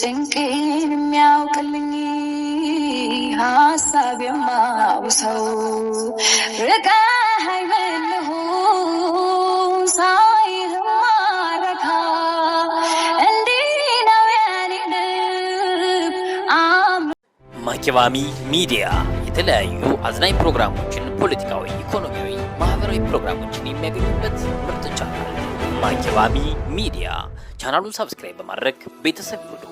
ጭንቄን የሚያውቅልኝ ሀሳብ የማውሰው ርቃ ሃይበልሁ ሳይህ ማረካ እንዲህ ነው የኔ ልብ። ማኪባሚ ሚዲያ የተለያዩ አዝናኝ ፕሮግራሞችን፣ ፖለቲካዊ፣ ኢኮኖሚያዊ፣ ማህበራዊ ፕሮግራሞችን የሚያገኙበት ምርጥ ቻናል ማኪባሚ ሚዲያ ቻናሉን ሰብስክራይብ በማድረግ ቤተሰብ ይሁኑ።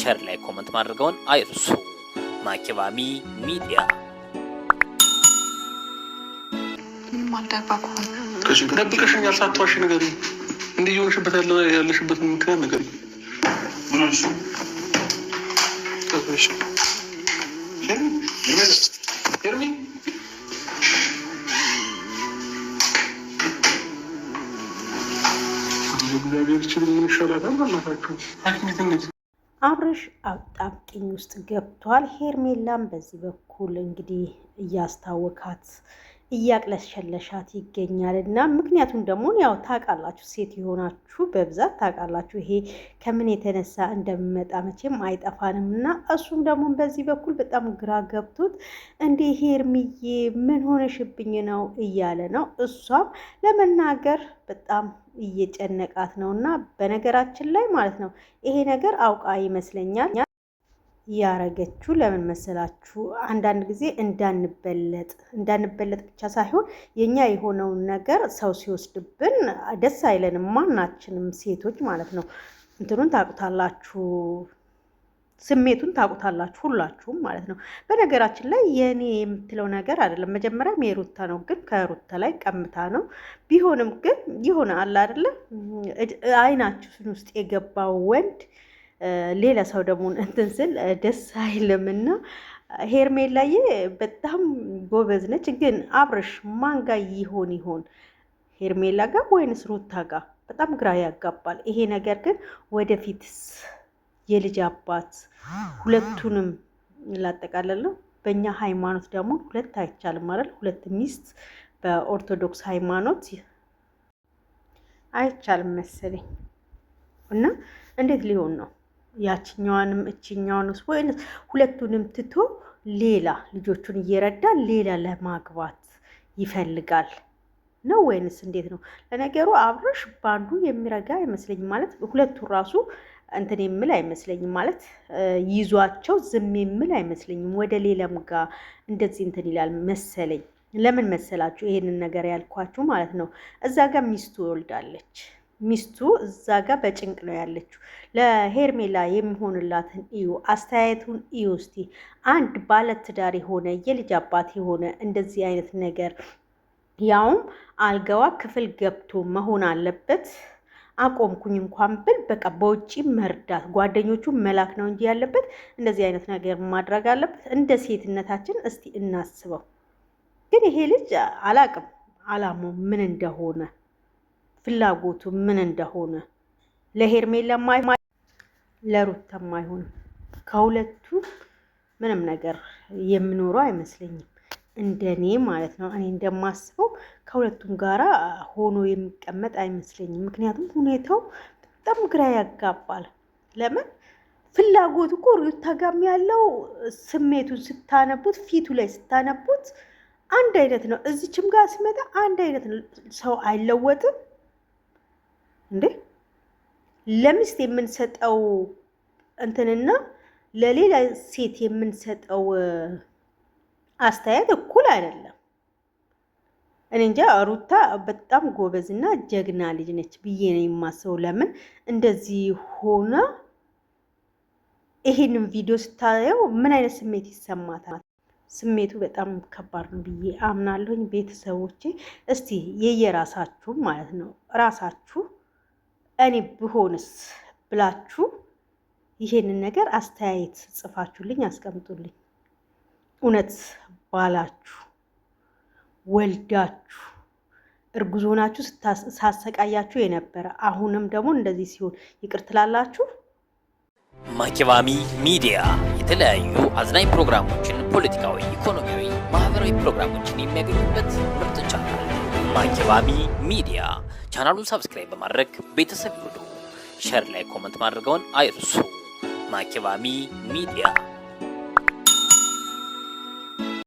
ሸር ላይ ኮመንት ማድረገውን አይርሱ። ማኪባሚ ሚዲያ ደብቀሽኛል፣ ሳትዋሽ ንገሪኝ። ምክንያት እግዚአብሔር ችል ምን ይሻላታል? በእናታችሁ ሐኪም አብርሽ አጣብቂኝ ውስጥ ገብቷል። ሄርሜላም በዚህ በኩል እንግዲህ እያስታወካት እያቅለሸለሻት ይገኛል እና ምክንያቱም ደግሞ ያው ታውቃላችሁ፣ ሴት የሆናችሁ በብዛት ታውቃላችሁ፣ ይሄ ከምን የተነሳ እንደሚመጣ መቼም አይጠፋንም እና እሱም ደግሞ በዚህ በኩል በጣም ግራ ገብቶት እንዴ ሄርሚዬ ምን ሆነሽብኝ ነው እያለ ነው። እሷም ለመናገር በጣም እየጨነቃት ነው እና በነገራችን ላይ ማለት ነው ይሄ ነገር አውቃ ይመስለኛል ያረገችው ለምን መሰላችሁ? አንዳንድ ጊዜ እንዳንበለጥ እንዳንበለጥ ብቻ ሳይሆን የኛ የሆነውን ነገር ሰው ሲወስድብን ደስ አይለንም። ማናችንም ሴቶች ማለት ነው። እንትኑን ታውቁታላችሁ፣ ስሜቱን ታውቁታላችሁ፣ ሁላችሁም ማለት ነው። በነገራችን ላይ የእኔ የምትለው ነገር አይደለም፣ መጀመሪያም የሩታ ነው። ግን ከሩታ ላይ ቀምታ ነው ቢሆንም ግን ይሆናል አይደለ ውስጥ የገባው ወንድ ሌላ ሰው ደግሞ እንትን ስል ደስ አይልምና ሄርሜላዬ በጣም ጎበዝ ነች። ግን አብርሽ ማንጋ ይሆን ይሆን ሄርሜላ ጋር ወይንስ ሩታ ጋር? በጣም ግራ ያጋባል ይሄ ነገር። ግን ወደፊትስ የልጅ አባት ሁለቱንም ላጠቃለለው በእኛ ሃይማኖት ደግሞ ሁለት አይቻልም አይደል? ሁለት ሚስት በኦርቶዶክስ ሃይማኖት አይቻልም መሰለኝ። እና እንዴት ሊሆን ነው? ያችኛዋንም እችኛውን ወይ ሁለቱንም ትቶ ሌላ ልጆቹን እየረዳ ሌላ ለማግባት ይፈልጋል ነው ወይንስ እንዴት ነው? ለነገሩ አብርሽ በአንዱ የሚረጋ አይመስለኝም። ማለት ሁለቱ ራሱ እንትን የምል አይመስለኝም። ማለት ይዟቸው ዝም የምል አይመስለኝም። ወደ ሌላም ጋር እንደዚህ እንትን ይላል መሰለኝ። ለምን መሰላችሁ ይሄንን ነገር ያልኳችሁ ማለት ነው። እዛ ጋር ሚስቱ ወልዳለች። ሚስቱ እዛ ጋር በጭንቅ ነው ያለችው። ለሄርሜላ የሚሆንላትን እዩ፣ አስተያየቱን እዩ እስቲ። አንድ ባለትዳር የሆነ የልጅ አባት የሆነ እንደዚህ አይነት ነገር ያውም አልጋዋ ክፍል ገብቶ መሆን አለበት። አቆምኩኝ እንኳን ብል በቃ በውጭ መርዳት ጓደኞቹ መላክ ነው እንጂ ያለበት እንደዚህ አይነት ነገር ማድረግ አለበት። እንደ ሴትነታችን እስቲ እናስበው። ግን ይሄ ልጅ አላቅም አላማው ምን እንደሆነ ፍላጎቱ ምን እንደሆነ ለሄርሜላ ለማይ ለሩት ከሁለቱ ምንም ነገር የምኖረው አይመስለኝም። እንደኔ ማለት ነው። እኔ እንደማስበው ከሁለቱም ጋራ ሆኖ የሚቀመጥ አይመስለኝም። ምክንያቱም ሁኔታው በጣም ግራ ያጋባል። ለምን ፍላጎቱ እኮ ሩታ ጋም ያለው ስሜቱን ስታነቡት፣ ፊቱ ላይ ስታነቡት አንድ አይነት ነው። እዚችም ጋር ሲመጣ አንድ አይነት ነው። ሰው አይለወጥም። እንዴ ለሚስት የምንሰጠው እንትንና ለሌላ ሴት የምንሰጠው አስተያየት እኩል አይደለም። እኔ እንጃ ሩታ በጣም ጎበዝና ጀግና ልጅ ነች ብዬ ነው የማስበው። ለምን እንደዚህ ሆና ይሄንን ቪዲዮ ስታየው ምን አይነት ስሜት ይሰማታል? ስሜቱ በጣም ከባድ ነው ብዬ አምናለሁኝ። ቤተሰቦቼ እስቲ የየራሳችሁ ማለት ነው ራሳችሁ እኔ ብሆንስ ብላችሁ ይሄንን ነገር አስተያየት ጽፋችሁልኝ አስቀምጡልኝ። እውነት ባላችሁ ወልዳችሁ እርጉዝ ሳሰቃያችሁ የነበረ አሁንም ደግሞ እንደዚህ ሲሆን ይቅር ትላላችሁ? ማኪባሚ ሚዲያ የተለያዩ አዝናኝ ፕሮግራሞችን፣ ፖለቲካዊ፣ ኢኮኖሚያዊ፣ ማህበራዊ ፕሮግራሞችን የሚያገኙበት ምርጥ ቻናል ማኪባሚ ሚዲያ ቻናሉን ሰብስክራይብ በማድረግ ቤተሰብ ይሁኑ። ሸር ላይ ኮመንት ማድረገውን አይርሱ። ማኪባሚ ሚዲያ